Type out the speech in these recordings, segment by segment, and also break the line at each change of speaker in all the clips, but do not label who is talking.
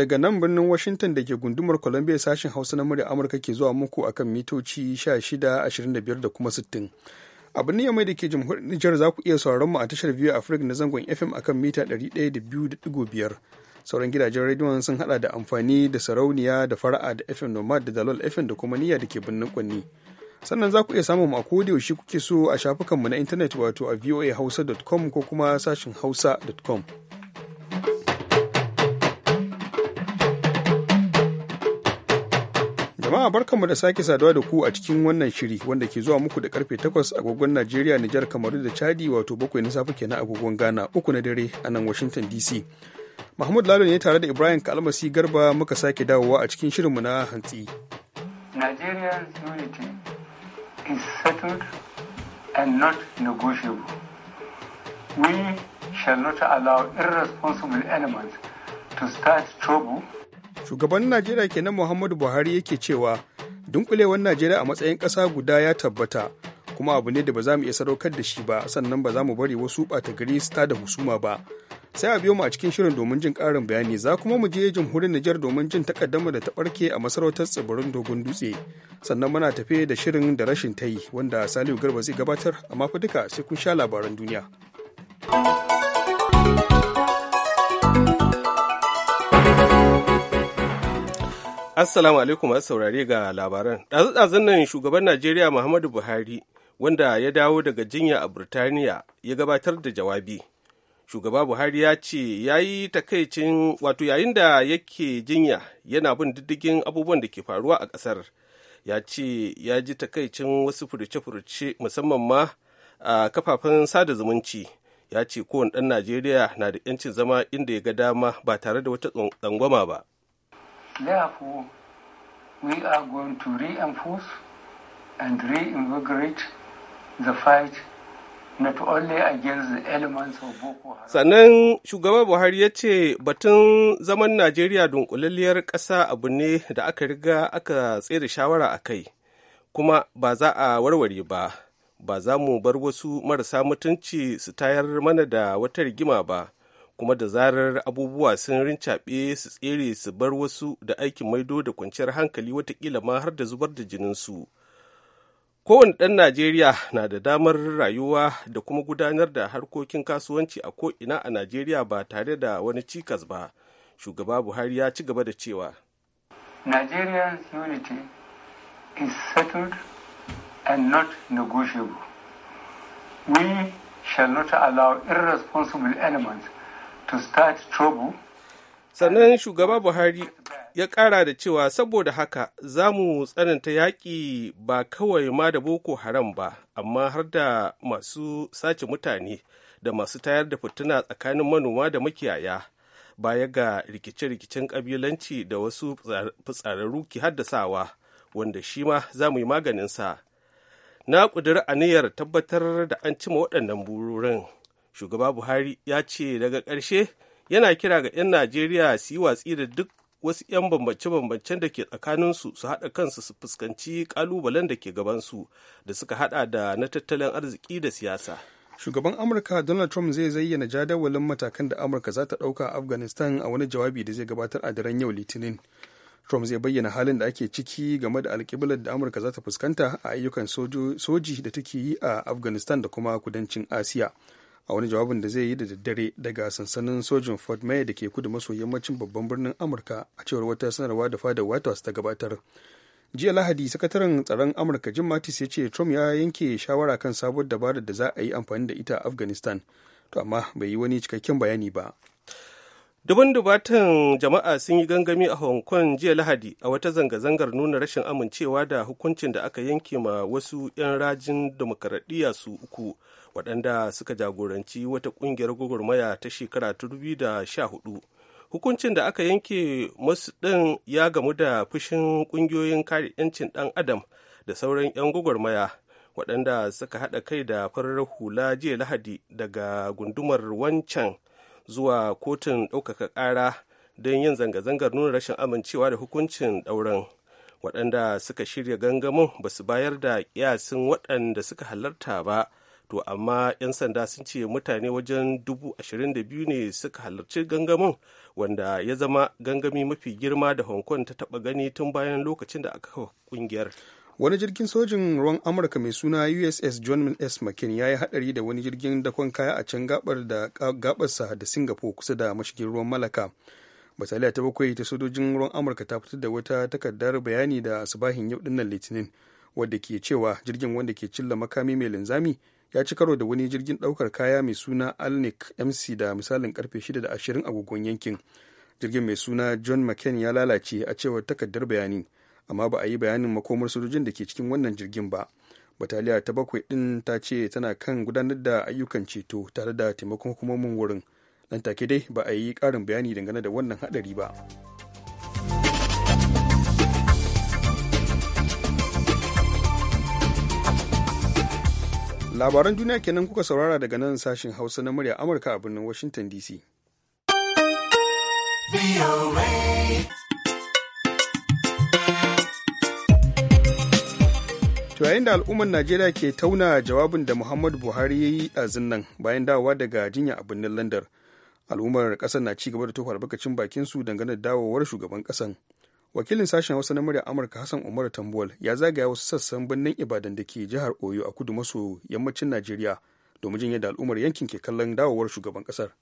daga nan birnin Washington da ke gundumar Columbia sashen Hausa na murya Amurka ke zuwa muku akan mitoci shida da kuma 60. Abin ne mai da ke jamhuriyar Nijar za ku iya sauraron mu a tashar biyu Africa na zangon FM akan mita 102.5. Sauran gidajen rediyon sun hada da amfani da sarauniya da fara'a da FM Nomad da Dalol FM da kuma niyya da ke birnin Kwanni. Sannan za ku iya samun mu a yaushe kuke so a shafukanmu na intanet wato a voahausa.com ko kuma sashin hausa.com. Jama'a barkanmu da sake saduwa da ku a cikin wannan shiri wanda ke zuwa muku da karfe 8 agogon Najeriya, Nijar, Kamaru da Chadi wato bakwai na safe kenan agogon Ghana, uku na dare a nan Washington DC. Mahmud Lalo ne tare da Ibrahim Kalmasi Garba muka sake dawowa a cikin shirinmu na hantsi. Nigeria's unity is settled and not negotiable. We
shall not allow irresponsible elements to start trouble
shugaban najeriya kenan muhammadu buhari yake cewa dunkulewar najeriya a matsayin ƙasa guda ya tabbata kuma abu ne da ba za mu iya sadaukar da shi ba sannan ba za mu bari wasu ɓata gari su tada husuma ba sai a biyo mu a cikin shirin domin jin ƙarin bayani za kuma mu je jamhuriyar Nijar domin jin takaddama da ta ɓarke a masarautar tsibirin dogon dutse sannan muna tafe da shirin da rashin tayi wanda Salihu Garba zai gabatar amma fa duka sai kun sha labaran duniya.
Assalamu alaikum saurari saurare ga labaran. Ɗazu-ɗazun nan shugaban Najeriya Muhammadu Buhari wanda ya dawo daga jinya a Burtaniya ya gabatar da jawabi. Shugaba Buhari ya ce ya yi takaicin wato yayin da yake jinya yana bin diddigin abubuwan da ke faruwa a ƙasar. Ya ce ya ji takaicin wasu furuce-furuce musamman ma a kafafen sada zumunci. Ya ce kowane ɗan Najeriya na da 'yancin zama inda ya ga dama ba tare da wata tsangwama ba.
Therefore, we are going to reinforce and reinvigorate the fight
Sannan shugaba Buhari ya ce batun zaman Najeriya dunkulalliyar ƙasa abu ne da aka riga aka tsere shawara a kai, kuma ba za a warware ba, ba za mu bar wasu marasa mutunci su tayar mana da wata rigima ba, kuma da zarar abubuwa sun rincaɓe su tsere su bar wasu da aikin maido da kwanciyar hankali watakila ma har da zubar da jinin su. kowane ɗan najeriya na da damar rayuwa da kuma gudanar da harkokin kasuwanci a ko'ina a najeriya ba tare da wani cikas ba shugaba buhari ya ci gaba da cewa
nigeria's unity is settled and
not negotiable we shall not allow irresponsible elements sannan shugaba buhari ya
ƙara da cewa saboda haka za mu tsananta yaƙi ba kawai ma da boko haram ba amma har da masu sace mutane da masu tayar da fituna tsakanin manoma da makiyaya baya ga rikice-rikicen ƙabilanci da wasu fitsararru ke haddasawa wanda shi ma za mu yi maganinsa na ƙudiri aniyar tabbatar da an cima waɗannan bururin shugaba buhari ya ce daga karshe yana kira ga 'yan najeriya su yi watsi da duk wasu 'yan bambance-bambancen da ke tsakaninsu su haɗa kansu su fuskanci ƙalubalen da ke gabansu da suka haɗa da na tattalin arziki da siyasa
shugaban amurka donald trump zai zayyana jadawalin matakan da amurka za ta ɗauka a afghanistan a wani jawabi da zai gabatar a daren yau litinin trump zai bayyana halin da ake ciki game da alkiblar da amurka za ta fuskanta a ayyukan soji da take yi a afghanistan da kuma kudancin asiya a wani jawabin da zai yi da daddare daga sansanin sojin fort may da ke kudu maso yammacin babban birnin amurka a cewar wata sanarwa da fadar white house ta gabatar jiya lahadi sakataren tsaron amurka jim mattis ya ce trump ya yanke shawara kan sabuwar dabarar da za a yi amfani da ita a afghanistan to amma bai yi wani cikakken bayani ba dubun dubatan jama'a sun yi gangami a hong kong
jiya lahadi a wata zanga-zangar nuna rashin amincewa da hukuncin da aka yanke ma wasu 'yan rajin demokaradiyya su uku waɗanda suka jagoranci wata ƙungiyar gwagwarmaya ta shekara ta hudu hukuncin da aka yanke masu ɗin ya gamu da fushin ƙungiyoyin kare 'yancin ɗan adam da sauran 'yan gwagwarmaya waɗanda suka haɗa kai da farar hula jiya lahadi daga gundumar wancan zuwa kotun ɗaukaka ƙara don yin zanga-zangar nuna rashin amincewa da hukuncin ɗaurin waɗanda suka shirya gangamin ba su bayar da ƙiyasin waɗanda suka halarta ba to amma 'yan sanda sun ce mutane wajen dubu ashirin da biyu ne suka halarci gangamin wanda ya zama gangami mafi girma da hong kong ta taba gani tun bayan lokacin da aka kafa kungiyar
wani jirgin sojin ruwan amurka mai suna uss john s mckin ya yi hadari da wani jirgin dakon kaya a can gabar da gabarsa da singapore kusa da mashigin ruwan malaka bataliya ta bakwai ta sojojin ruwan amurka ta fitar da wata takardar bayani da asibahin yau dinnan litinin wadda ke cewa jirgin wanda ke cilla makami mai linzami ya ci karo da wani jirgin daukar kaya mai suna alnic mc da misalin karfe da 6:20 agogon yankin jirgin mai suna john mccain ya lalace a cewar takardar bayani amma ba a yi bayanin makomar sojojin da ke cikin wannan jirgin ba bataliya ta bakwai din ta ce tana kan gudanar da ayyukan ceto tare da taimakon hukumomin wurin nan take dai ba a yi karin bayani dangane da wannan hadari ba labaran duniya kenan kuka saurara daga nan sashen hausa na murya amurka a birnin washington dc to yayin da al'ummar najeriya ke tauna jawabin da muhammadu buhari ya yi a zinnan bayan dawowa daga jinya a birnin landar al'ummar ƙasar na cigaba gaba da tofa albarkacin bakin su dangane da dawowar shugaban ƙasan. wakilin sashen hausa na murya amurka hassan umar tambol ya zagaya wasu sassan birnin ibadan da ke jihar oyo a kudu maso yammacin najeriya domin jin yadda al'ummar yankin ke kallon dawowar shugaban kasar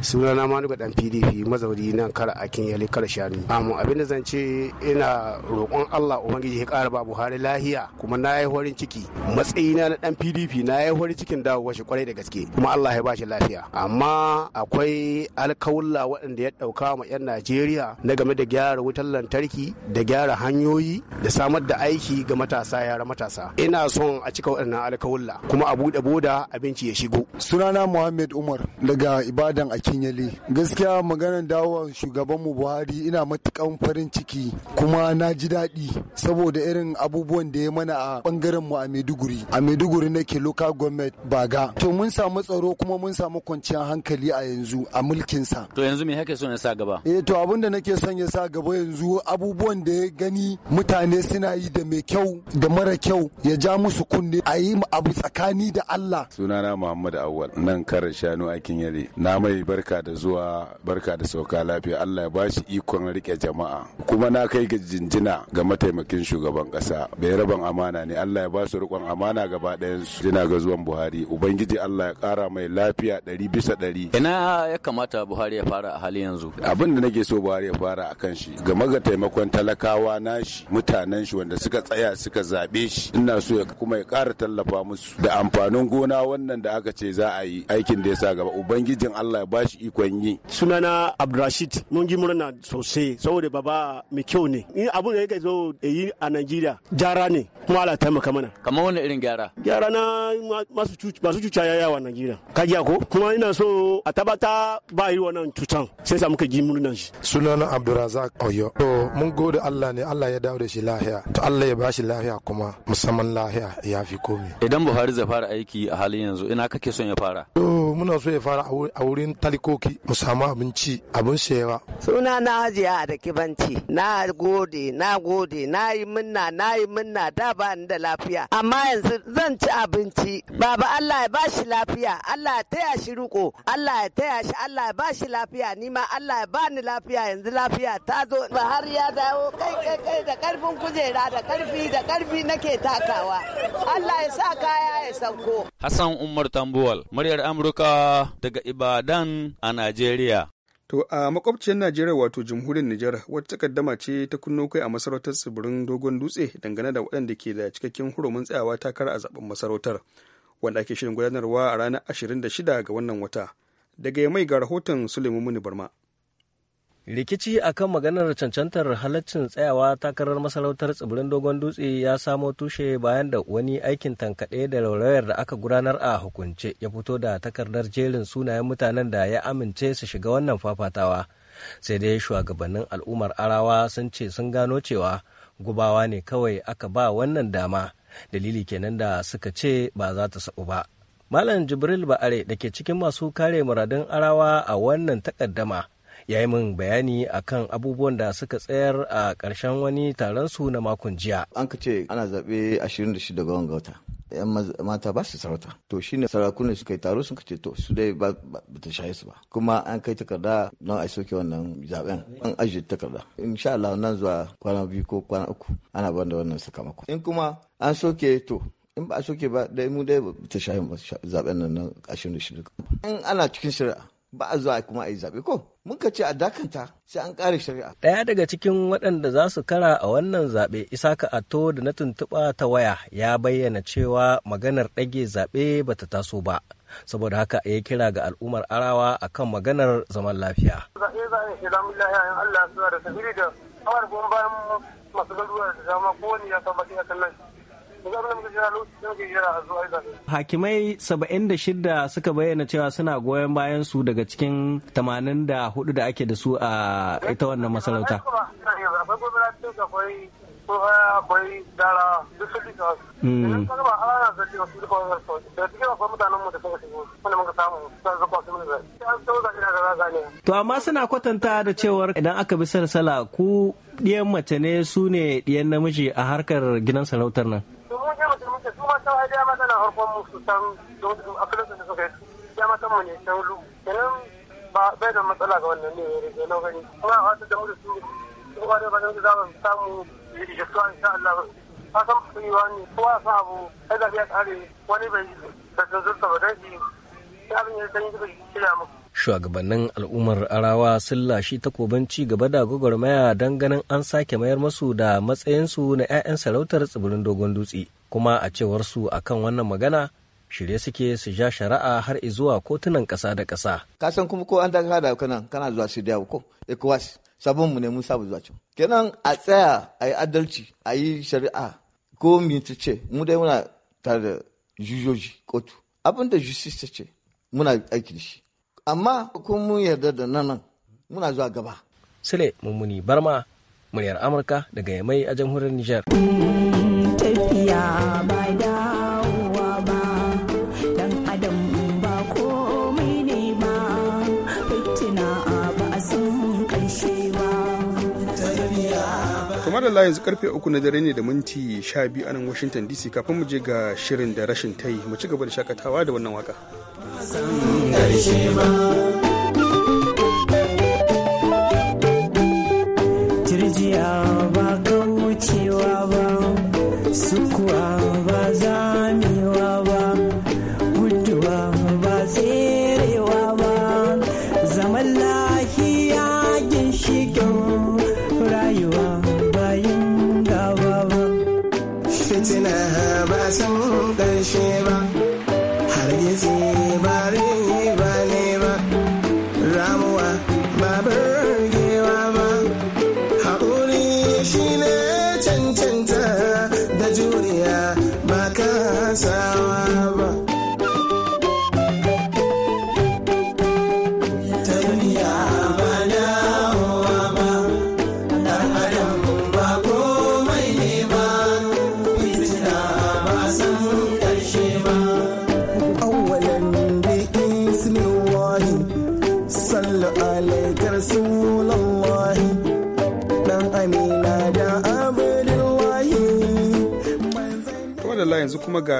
sunana manuga dan pdp mazauri na kara akin yali kara shanu amma abin da zan
ce ina roƙon allah ubangiji ya ƙara ba buhari lahiya kuma na yi horin ciki matsayina na ɗan pdp na yi horin cikin dawo shi kwarai da gaske kuma allah ya bashi lafiya amma akwai alkawulla waɗanda ya ɗauka ma 'yan najeriya na game da gyara wutar lantarki da gyara hanyoyi da samar da aiki ga matasa yara matasa ina son a cika waɗannan alkawulla kuma a buɗe boda abinci ya shigo sunana muhammed umar daga ibadan ake Akinyele. Gaskiya maganar dawowar shugabanmu Buhari ina matukan farin ciki kuma na ji daɗi saboda irin abubuwan da ya mana a bangaren mu a Maiduguri. A Maiduguri nake local government baga. To mun samu tsaro kuma mun samu kwanciyar hankali a yanzu a mulkin sa. To yanzu me kake son ya sa gaba? Eh to abin da nake son ya sa gaba yanzu abubuwan da ya gani mutane suna yi da mai kyau da mara kyau ya ja musu kunne a yi abu tsakani da Allah.
Sunana Muhammad Awwal nan karin shanu a kinyali, Na mai bar barka da zuwa barka da sauka lafiya Allah ya bashi ikon rike jama'a kuma na kai ga jinjina ga mataimakin shugaban kasa bai raban amana ne Allah ya basu su rikon amana gaba ɗayan su jina ga zuwan Buhari ubangiji Allah ya kara mai lafiya ɗari bisa ɗari ina
ya kamata Buhari ya fara a hali yanzu
abin da nake so Buhari ya fara a kan shi game ga taimakon talakawa na shi, mutanen shi wanda suka tsaya suka zaɓe shi ina so ya kuma ya kara tallafa musu da amfanin gona wannan da aka ce za a yi aikin da ya sa gaba ubangijin Allah ya bashi bashi ikon yi sunana Abdulrashid mun ji murna sosai saboda baba mai kyau ne in abun da yake zo yi a najeriya jara ne kuma ala taimaka mana kamar wani irin gyara gyara na masu cuta ya yawa najeriya ka ji ko kuma ina so a tabata ba yi wannan cutan sai sa muka ji murnan shi sunana Abdulrazak oyo to mun gode allah ne allah ya dawo da shi lahiya to allah ya bashi lahiya kuma musamman lahiya
ya fi komi idan buhari zai fara aiki a halin yanzu ina kake son ya fara
to muna so
ya fara a wurin
talikoki mu samu abinci abin sayewa.
Suna na hajiya da kibanci na gode na gode na yi minna na yi minna da ba ni da lafiya amma yanzu zan ci abinci baba Allah ya ba shi lafiya Allah ya taya shi riko Allah ya taya shi Allah ya ba shi lafiya ni ma Allah ya ba ni lafiya yanzu lafiya ta zo ba har ya dawo kai kai kai da karfin kujera da karfi da karfi nake takawa Allah ya
sa kaya ya sauko Hassan Umar Tambuwal muryar Amurka daga Ibadan a Najeriya.
To a makwabciyar Najeriya wato jamhuriyar Nijar wata takaddama ce ta kunno kai a masarautar tsibirin Dogon Dutse dangane da waɗanda ke da cikakken hurumin tsayawa takara a zaben masarautar wanda ake shirin gudanarwa a ranar 26 ga wannan wata. Daga mai ga rahoton Suleiman Muni Barma.
rikici akan maganar cancantar halaccin tsayawa takarar masarautar tsibirin dogon dutse ya samo tushe bayan da wani aikin tankaɗe da laurayar da aka gudanar a hukunce ya fito da takardar jerin sunayen mutanen da ya amince su shiga wannan fafatawa sai dai shugabannin al'ummar arawa sun ce sun gano cewa gubawa ne kawai aka ba wannan dama dalili kenan da suka ce ba za ta sabu ba malam jibril ba'are da ke cikin masu kare muradun arawa a wannan takaddama ya yi min bayani akan abubuwan da suka tsayar a ƙarshen wani taron su na makon jiya.
An ka ce ana zaɓe 26 ga wata. 'yan mata ba su sarauta to shine sarakunan suka yi taro sun kace to su dai ba ta shaye su ba kuma an kai takarda na a soke wannan zaben an ajiye takarda insha Allah nan zuwa kwana biyu ko kwana uku ana da wannan sakamako in kuma an soke to in ba a soke ba dai mu dai ba ta shaye zaben nan 26 in ana cikin shari'a ba a zuwa kuma a yi zaɓe ko mun ka ce a dakanta sai an ƙare shari'a.
Ɗaya daga cikin waɗanda za su kara a wannan zaɓe Isaka Ato da na tuntuɓa ta waya ya bayyana cewa maganar ɗage zaɓe ba ta taso ba. saboda haka ya kira ga al'ummar arawa akan maganar zaman lafiya. Zaɓe za a yi lahiya in Allah suna da sabiri da kawar bayan masu garuwa da dama kowane ya san kallon Hakimai 76 suka bayyana cewa suna goyon bayan su daga cikin 84 da ake da su a ita wannan masarauta. Hmm. To amma suna kwatanta da cewar idan aka bi sarsala ku ɗiyan mace ne su ne ɗiyan namiji a harkar gidan sarautar nan. mata wa ya mata na harkon mu su san a filin da suka yi ya mata mu san lu kenan ba bai da matsala ga wannan ne rage na gani kuma a wata da mu da su sun kware ba nan za samu jisuwa insha Allah ba san su yi wani kowa sa abu ai da ya wani bai da tunzurta ba dan shi ya ya san yi shirya muku shugabannin al'ummar arawa sun lashi takobin ci gaba da gwagwarmaya don ganin an sake mayar masu da matsayinsu na 'ya'yan sarautar tsibirin dogon dutse kuma a cewar su akan wannan magana shirye suke su ja shari'a har zuwa kotunan kasa da kasa.
kasan san kuma ko an daga da kana kana zuwa su da ko ECOWAS sabon mu ne mun sabu zuwa can. Kenan a tsaya a yi adalci a yi shari'a ko minti ce mu dai muna tare da jujoji kotu. Abin da justice ta ce muna aiki da shi. Amma ko mun yarda da nan muna zuwa gaba. Sule Mummuni Barma, muryar
Amurka daga Yamai a jamhuriyar Nijar.
da yanzu karfe uku na dare ne da minti sha biyu a nan washington dc kafin mu je ga shirin da rashin ta mu ci gaba da shakatawa da wannan waka
Turjiya ba kaucewa ba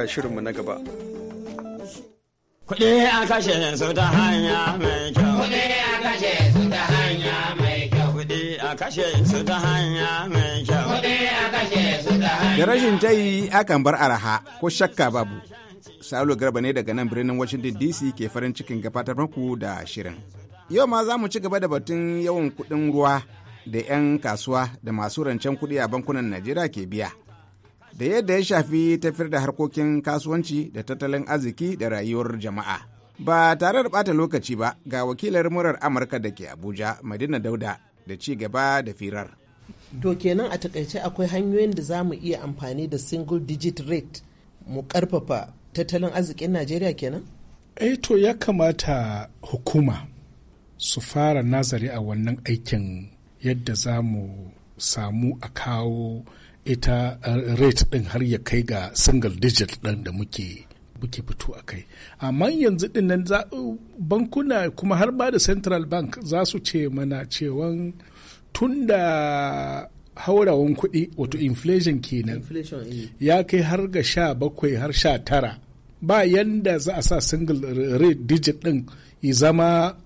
shirinmu na gaba. Kuɗi a kashe su ta hanya mai kyau. Kuɗi a kashe su ta hanya mai kyau. Kuɗi a kashe su ta hanya mai kyau. Kuɗi a kashe su ta hanya. Da
rashin tayi akan bar araha ko shakka babu. Salo Garba ne daga nan birnin Washington DC ke farin cikin gabatar muku da shirin. Yau ma za mu ci gaba da batun yawan kuɗin ruwa da 'yan kasuwa da masu rancen kuɗi a bankunan Najeriya ke biya. da yadda ya shafi tafiyar da harkokin kasuwanci da tattalin arziki da rayuwar jama'a. Ba tare da ɓata lokaci ba ga wakilar murar Amurka da ke Abuja, Madina Dauda, da ci gaba da firar. To kenan
a takaice akwai hanyoyin da za mu iya amfani da single digit rate mu karfafa tattalin arzikin Najeriya kenan?
Eh to ya kamata hukuma su fara nazari a wannan aikin yadda za mu samu a kawo ita uh, rate ɗin har ya kai ga single digit ɗin da muke muke fito a kai amma yanzu ɗin nan bankuna kuma har ba da central bank za su ce mana cewan tun da haurawan kuɗi wato inflation kenan eh. ya kai har ga sha bakwai har sha tara ba yanda za a sa single rate digit ɗin ya zama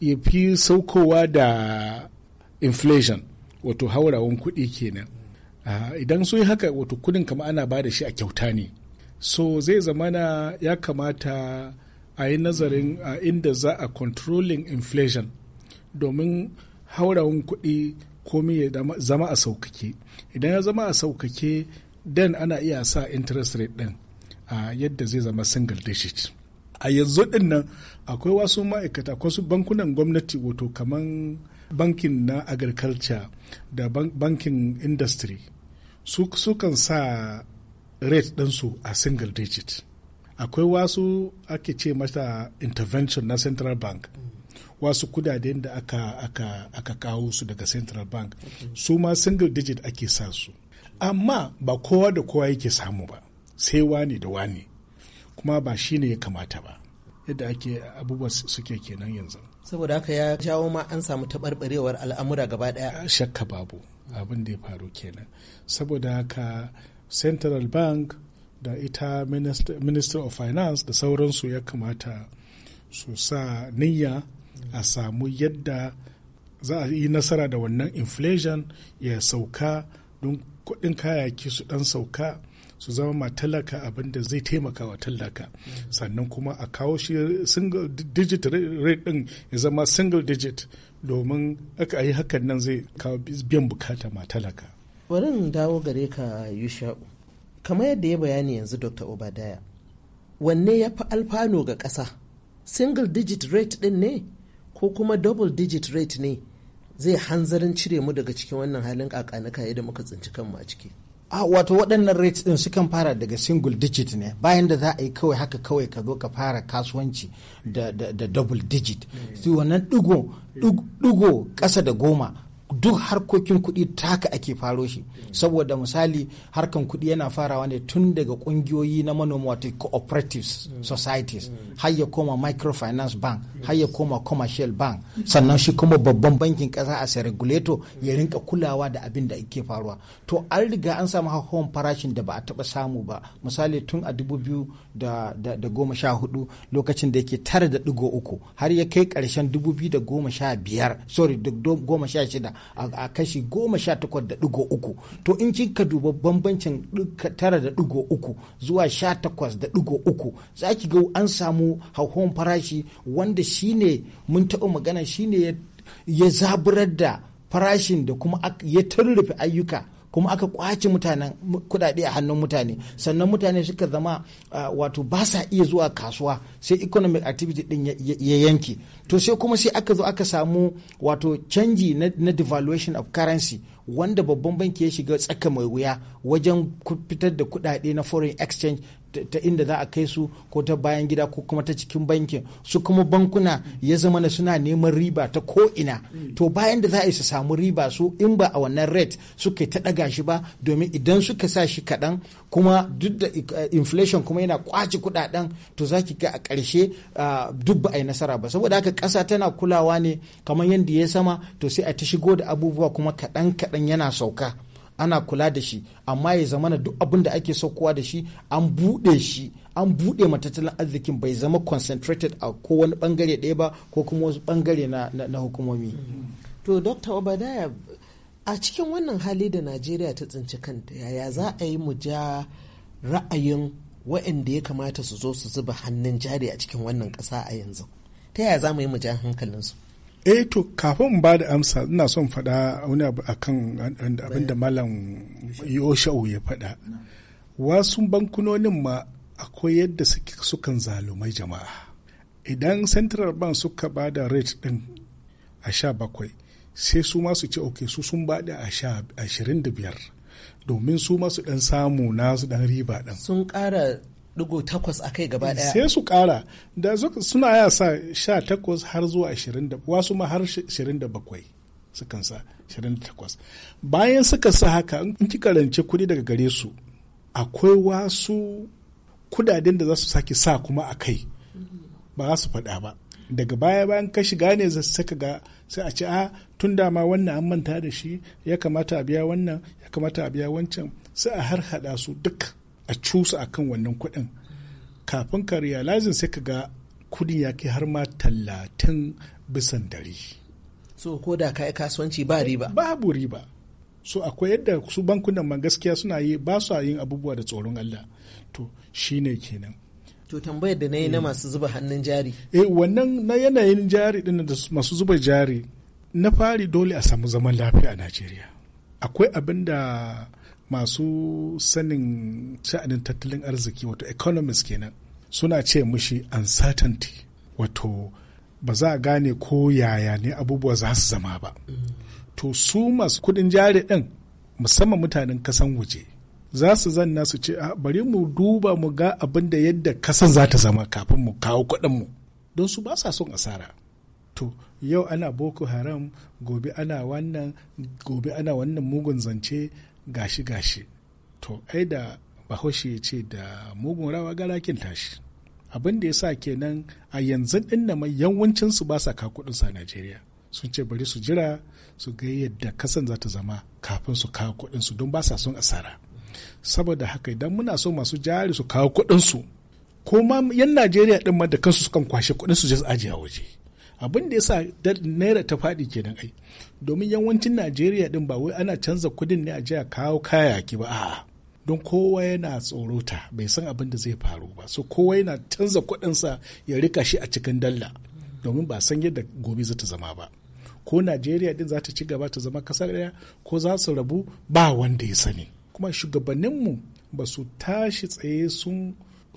ya fi saukowa da inflation wato haurawan kuɗi kenan Ah, idan sun yi haka wato kudin kama ana ba da shi a kyauta ne so zai zamana ya kamata a yi nazarin a ah, inda za a controlling inflation domin haurawan kuɗi komi ya zama a saukake idan ya zama a saukake den ana iya sa interest rate din a ah, yadda zai zama single digit a yanzu ɗin nan akwai wasu ma'aikata kwasu bankunan gwamnati wato kaman bankin na agriculture da bankin industry su sukan sa rate ɗinsu a single digit akwai wasu ake ce mata intervention na central bank wasu kudaden da aka, aka, aka kawo su daga central bank su ma single digit ake sa su amma ba kowa da kowa yake samu ba sai wani da wani kuma ba shi ne ya kamata ba yadda ake abubuwa suke kenan yanzu
saboda haka ya jawo ma an samu taɓarɓarewar al'amura gaba ɗaya shakka babu abin da ya faru
kenan saboda haka central bank da ita minister of finance da sauransu ya kamata su sa niyya a samu yadda za a yi nasara da wannan inflation ya sauka don kuɗin kayayyaki su ɗan sauka su zama ma talaka abin da zai taimaka wa talaka sannan kuma a kawo shi single digit rate din ya zama single digit domin aka yi hakan nan zai kawo biyan bukata ma talaka
warin dawo gare ka yusha'u kamar yadda ya bayani yanzu dr obadaya wanne ya fi alfano ga ƙasa single digit rate din ne ko kuma double digit rate ne zai hanzarin cire mu daga cikin wannan halin kakanaka da
muka tsinci kanmu a ciki Ah, wato waɗannan rates ɗin sukan fara daga single digit ne bayan da za a yi kawai haka kawai ka zo ka fara kasuwanci da, da double digit mm. su wannan ɗigo ƙasa da goma duk harkokin kuɗi taka ake faro shi saboda misali harkan kuɗi yana farawa ne tun daga ƙungiyoyi na manoma wato cooperatives societies har ya koma microfinance bank har ya koma commercial bank sannan shi kuma babban bankin ƙasa a regulator ya rinka kulawa da abin da ake faruwa to an riga an samu hawan farashin da ba a taɓa samu ba misali tun a dubu biyu da goma sha hudu lokacin da yake tara da ɗigo uku har ya kai ƙarshen dubu biyu da goma sha biyar sorry goma sha shida a kashi goma sha takwas da digo uku to in kin ka duba bambancin tara da digo uku zuwa sha takwas da digo uku za ki ga an samu hauhawan farashi wanda shine mun taɓa magana shine ya zaburar da farashin da kuma ya tallafi ayyuka kuma aka kwace mutanen kudade a hannun mutane sannan mutane suka zama wato ba sa iya zuwa kasuwa sai economic activity din ya yanke to sai kuma sai aka zo aka samu wato canji na devaluation of currency wanda babban banki ya shiga tsaka mai wuya wajen fitar da kudade na foreign exchange ta inda za a kai su ko ta bayan gida ko kuma ta cikin bankin su kuma bankuna ya zama na suna neman riba ta ko ina mm. to bayan da za a yi su samu riba su in ba a wannan rate suka ta daga shi ba domin idan suka sa shi kaɗan kuma duk da eh, inflation kuma yana kwaci kuɗaɗen to za ki ga a ƙarshe ah, duk ba a yi nasara ba saboda haka ƙasa tana kulawa ne kamar yadda ya sama to sai a ta shigo da abubuwa kuma kaɗan kaɗan yana sauka ana kula da shi amma ya zamana duk abin da ake saukowa da shi an buɗe shi an buɗe matattalin arzikin bai zama concentrated a ko bangare ɗaya ba ko kuma wasu bangare na, hukumomi. Mm-hmm.
To Dr. Obadaya a cikin wannan hali da Najeriya ta tsinci kanta yaya za a yi mu ja ra'ayin wa'anda ya kamata su zo su zuba hannun jari a cikin wannan ƙasa a yanzu ta yaya za mu yi mu ja hankalinsu.
eh to kafin ba da amsa ina son faɗa wani abu akan abin da malam yosha'u ya faɗa wasu bankunonin ma akwai yadda sukan zalumai jama'a idan central bank suka ba da rate ɗin a sha bakwai sai su masu ce ok su sun ba a ashirin da biyar domin su masu ɗan samu nasu dan riba ɗin sun kara
digo takwas a kai
gaba daya sai su ƙara da suna ya sa sha takwas har zuwa ashirin da wasu ma har ashirin da bakwai sukan sa ashirin da takwas bayan suka sa haka in ki kuɗi daga gare su akwai wasu kudaden da za su sake sa kuma a kai ba za su faɗa ba daga baya bayan ka shiga ne sai ga sai a ce a ah, tun dama wannan an manta da shi ya kamata a biya wannan ya kamata a biya wancan sai a har hada su duk a cusa a kan wannan kuɗin kafin ka realizing sai ka ga kudin ya kai har ma talatin bisan dari so ko da ka yi kasuwanci ba riba babu riba so akwai yadda su bankunan man gaskiya suna yi ba su yin abubuwa da tsoron Allah to shine kenan
to tambayar da na yi na eh. masu zuba hannun jari
eh wannan na yanayin jari din da masu zuba jari na fari dole a samu zaman lafiya a Najeriya akwai abin da masu sanin sha'anin tattalin arziki wato economist kenan suna ce mushi uncertainty wato ba za a gane ko yaya ne abubuwa za su zama ba to su masu kudin jari ɗin musamman mutanen kasan waje za su zanna su ce bari mu duba mu ga abin da yadda kasan za ta zama kafin mu kawo kuɗinmu don su ba sa son asara to yau ana boko haram gobe ana wannan mugun zance gashi gashi to ai da bahaushe ya ce da mugun rawa garakin tashi abin da ya sa kenan a yanzu din na mai yawancin su ba sa ka kudin sa Najeriya sun ce bari su jira su ga yadda kasan za ta zama kafin su kawo kudin su don ba sa son asara saboda haka idan muna so masu jari su kawo kudin su ko ma yan Najeriya din ma da kansu sukan kwashe kudin su je su ajiye a waje abin da ya sa naira ta faɗi kenan ai domin yawancin najeriya din ba wai ana canza kudin ne a jiya kawo kayaki ba a'a don kowa yana tsorota bai san abin da zai faru ba so kowa yana canza kudinsa ya rika shi a cikin dalla domin ba san yadda gobe za ta zama ba ko najeriya din za ta ci gaba ta zama kasar daya ko za su rabu ba wanda ya sani kuma shugabanninmu ba su tashi tsaye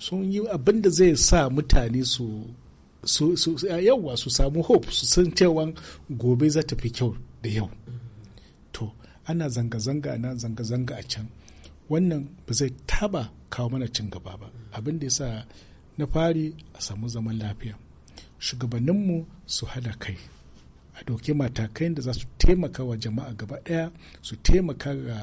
sun yi abin da zai sa mutane su su yauwa su samu hope su san cewa gobe za ta fi kyau da yau to ana zanga-zanga na zanga-zanga a can wannan ba zai taba kawo mana cin gaba ba abin da yasa na fari a samu zaman lafiya shugabanninmu su hada kai a doke matakai da za su taimaka wa jama'a gaba ɗaya su taimaka ga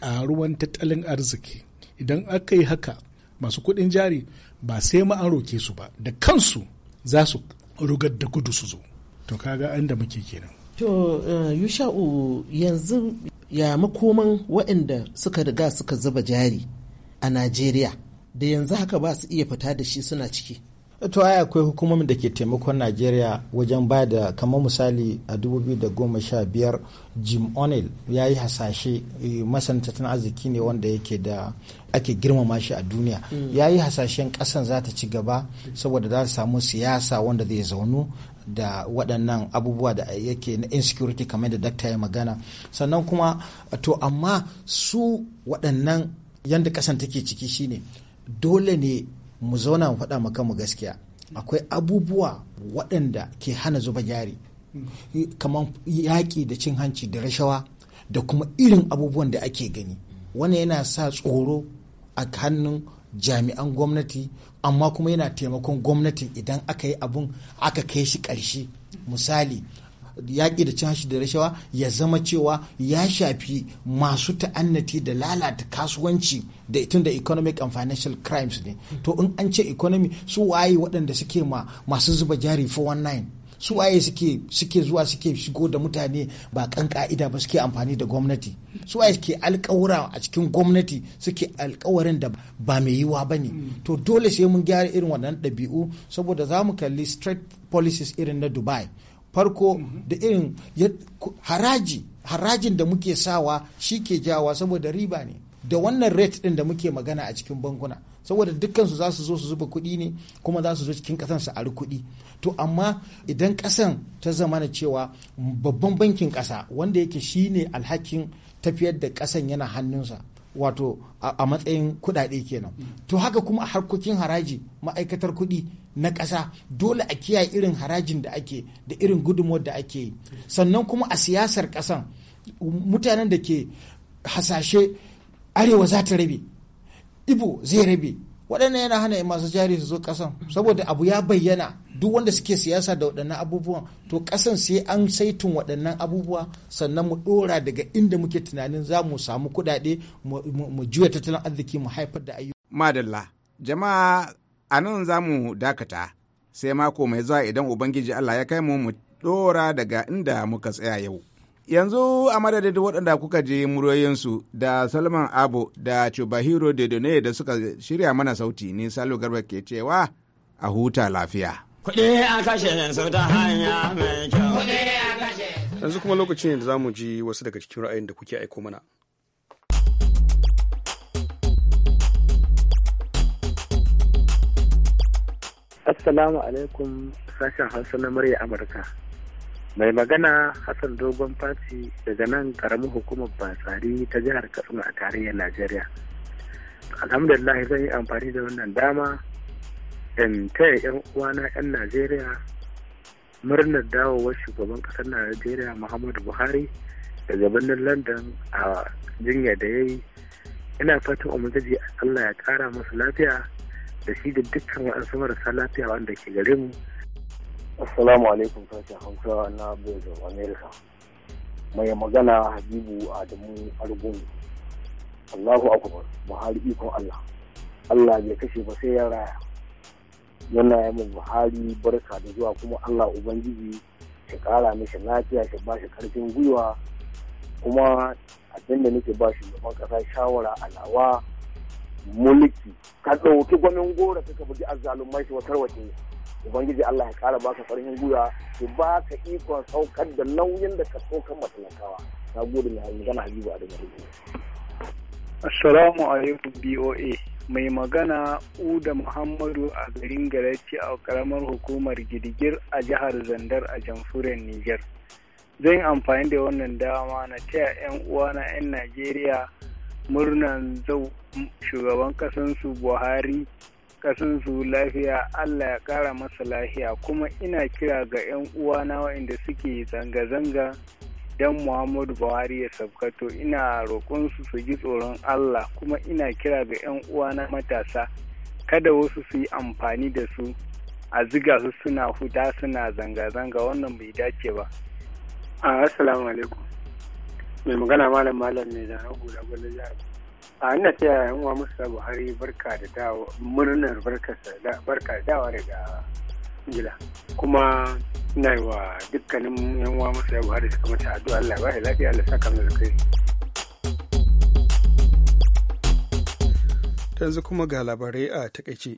ƙaruwan tattalin arziki idan aka yi haka masu kuɗin jari ba sai ma an roke su ba da kansu za su rugar da gudu su zo to kaga inda muke kenan
to eh, yusha'u yanzu ya makoman waɗanda suka riga suka zuba jari a najeriya da yanzu haka ba su iya fita
da shi suna ciki to ai akwai hukumomin da ke taimakon najeriya wajen ba da kamar misali a 2015 jim o'neill ya yi hasashe eh, masan tattalin arziki ne wanda yake da ake girmama shi a duniya mm. ya yi hasashen ƙasan za ta ci gaba saboda za ta samu siyasa wanda zai zaunu da waɗannan abubuwa da yake na insecurity kamar da dakta ya magana sannan kuma to amma su waɗannan yadda kasan take ciki shine dole ne mu zauna mu faɗa maka mu gaskiya akwai abubuwa waɗanda ke hana zuba jari kamar yaƙi da cin hanci da rashawa da kuma irin abubuwan da ake gani wannan yana sa tsoro a hannun jami'an gwamnati amma kuma yana taimakon gwamnati idan aka yi abun aka kai shi ƙarshe misali yaƙi da cin hashi da rashawa ya zama cewa ya shafi masu ta'annati da lalata kasuwanci da tun da economic and financial crimes ne to in an ce economy su waye waɗanda suke ma masu zuba jari 419 su waye suke suke zuwa suke shigo da mutane ba kan ka'ida ba suke amfani da gwamnati su waye suke alkawura a cikin gwamnati suke alkawarin da ba mai yiwa ba ne mm. to dole sai mun gyara irin waɗannan ɗabi'u saboda za mu kalli straight policies irin na dubai farko mhm. da irin haraji harajin da muke sawa shi ke jawa saboda riba ne da wannan rate din da muke magana a cikin bankuna saboda dukkansu za su zo su zuba kuɗi ne kuma za su zo cikin ƙasan su ari kuɗi to amma idan ƙasan ta zama na cewa babban bankin ƙasa wanda yake shi ne alhakin tafiyar da ƙasan yana hannunsa wato a matsayin kuɗaɗe kenan mm. to haka kuma a harkokin haraji ma'aikatar kuɗi na ƙasa dole a kiyaye irin harajin da ake da irin gudunmuwar da ake yi sannan kuma a siyasar ƙasan mutanen da ke hasashe arewa za ta rabe ibo zai rabe waɗannan yana hana masu jari su zo ƙasan saboda abu ya bayyana duk wanda suke siyasa da waɗannan abubuwan to ƙasan sai an saitun waɗannan abubuwa sannan mu ɗora daga inda muke tunanin za mu samu kuɗaɗe mu juya tattalin arziki mu haifar da ayyuka.
madalla jama'a a nan za mu dakata sai mako mai zuwa idan ubangiji allah ya kai mu mu dora daga inda muka tsaya yau yanzu a madadin waɗanda kuka ji muryoyinsu da salman abu da chubahiro dedone da suka shirya mana sauti ni salo garba ke cewa a huta lafiya yanzu kuma lokacin da za mu ji wasu daga cikin ra'ayin da kuke aiko mana
Assalamu alaikum sashen Hausa na murya Amurka. Mai magana Hassan Dogon Fati daga nan karamin hukumar Batsari ta jihar Katsina a tarayyar Najeriya. Alhamdulillah zan yi amfani da wannan dama in taya 'yan uwana 'yan Najeriya murnar dawowar shugaban ƙasar Najeriya Muhammadu Buhari daga birnin London a jinya da
ya yi. Ina fatan Ubangiji Allah ya ƙara masu lafiya da shi da dukkan wa'ansu marasa lafiya wanda ke gare mu. Assalamu alaikum sashi Hausa
na bezo America. Mai magana Habibu Adamu argun Allahu Akbar, Buhari ikon Allah. Allah bai kashe ba sai ya raya. Yana yi Buhari barka da zuwa kuma Allah Ubangiji shi kara mishi lafiya shi ba shi karfin gwiwa kuma abinda nake ba da kasa shawara alawa mulki ka ɗauki gwamin gora ka bugi azzalumai shi watar waje ubangiji Allah ya kara baka farin guya ki baka ikon saukar da nauyin da ka kan matalakawa na gode mai magana habibu a daga
assalamu alaikum boa mai magana uda muhammadu a garin garaci a karamar hukumar girgir a jihar zandar a jamhuriyar niger
zan amfani da wannan dama na taya 'yan uwana 'yan najeriya murnan zau shugaban kasansu buhari kasansu lafiya allah ya kara masa lafiya kuma ina kira ga 'yan uwana waɗanda suke zanga-zanga don muhammadu buhari ya sabkato ina roƙonsu su ji tsoron allah kuma ina kira ga 'yan uwana matasa kada wasu su yi
amfani da su a ziga su suna huta suna zanga-zanga wannan bai dace ba
assalamu alaikum mai magana malam malam ne da hula da jihar a ina ta yaya uwa musa buhari barka da dawo murnar barka da dawa daga
ingila kuma ina yi wa dukkanin yan uwa musa buhari suka kamata addu'a Allah ba ya lafiya Allah saka mu kai yanzu kuma ga labarai a takaice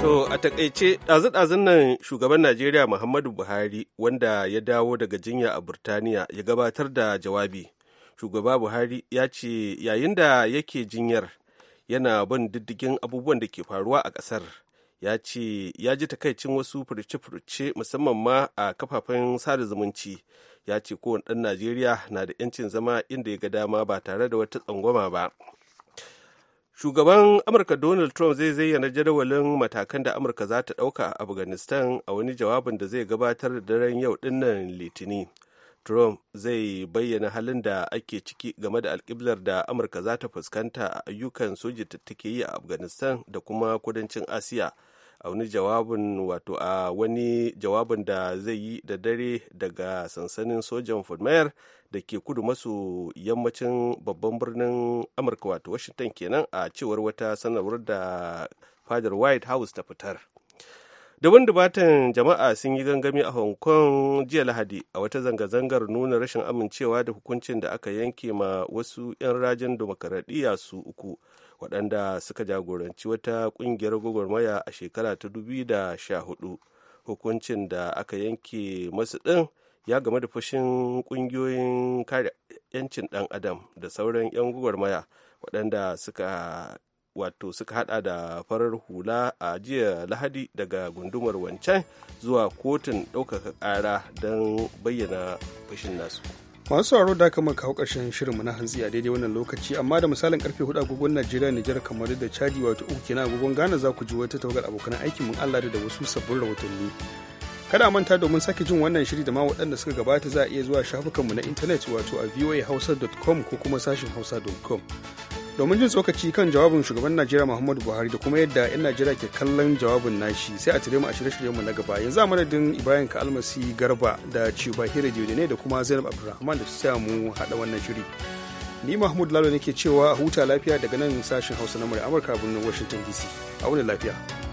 To a takaice ɗazu-ɗazun nan shugaban Najeriya Muhammadu Buhari wanda ya dawo daga jinya a Burtaniya ya gabatar da jawabi. Shugaba Buhari ya ce yayin da yake jinyar yana bin diddigin abubuwan da ke faruwa a ƙasar. Ya ce ya ji takaicin wasu furce-furce musamman ma a kafafen sada zumunci. Ya ce kowane ɗan Najeriya na da 'yancin zama inda ya ga dama ba tare da wata tsangwama ba. shugaban amurka donald trump zai zayyana jadawalin matakan da amurka za ta ɗauka a afghanistan a wani jawabin da zai gabatar da daren yau dinnan litini trump zai bayyana halin da ake ciki game da alkiblar da amurka za ta fuskanta a ayyukan soji da take yi a afghanistan da kuma kudancin asiya a wani jawabin wato a wani jawabin da zai yi da dare daga sansanin sojan fulmayar da ke kudu maso yammacin babban birnin amurka wato washington kenan a cewar wata sanarwar da fadar white house ta fitar daban dubatan jama'a sun yi gangami a hong kong jiya lahadi a wata zanga-zangar nuna rashin amincewa da hukuncin da aka yanke ma wasu 'yan rajin dimokuraɗiyya su uku waɗanda suka jagoranci wata ƙungiyar gwagwarmaya a shekara ta da sha hudu hukuncin da aka yanke masu ɗin ya game da fushin ƙungiyoyin kare 'yancin ɗan adam da sauran 'yan gwagwarmaya waɗanda suka wato suka hada da farar hula a jiya lahadi daga gundumar wancan zuwa kotun ɗaukaka ƙara don
bayyana fushin nasu. masu sauraro da aka maka karshen shirinmu na hantsi a daidai wannan lokaci amma da misalin karfe hudu agogon najeriya nijar kamar da chadi wato uku kenan agogon ghana za ku ji wata tawagar abokan aikin mun allah da wasu sabbin rahotanni kada manta domin sake jin wannan shiri da ma waɗanda suka gabata za a iya zuwa shafukanmu na intanet wato a voahausa.com ko kuma sashin hausa.com domin jin tsokaci kan jawabin shugaban najeriya muhammadu buhari da kuma yadda 'yan najeriya ke kallon jawabin nashi sai a tare mu a shirye mu na gaba yanzu a madadin ibrahim kalmasi garba da cibahira ne da kuma zainab abdulrahman da su mu haɗa wannan shiri ni mahmud lalo ne ke cewa huta lafiya daga nan sashen hausa na murya amurka birnin washington dc a wani lafiya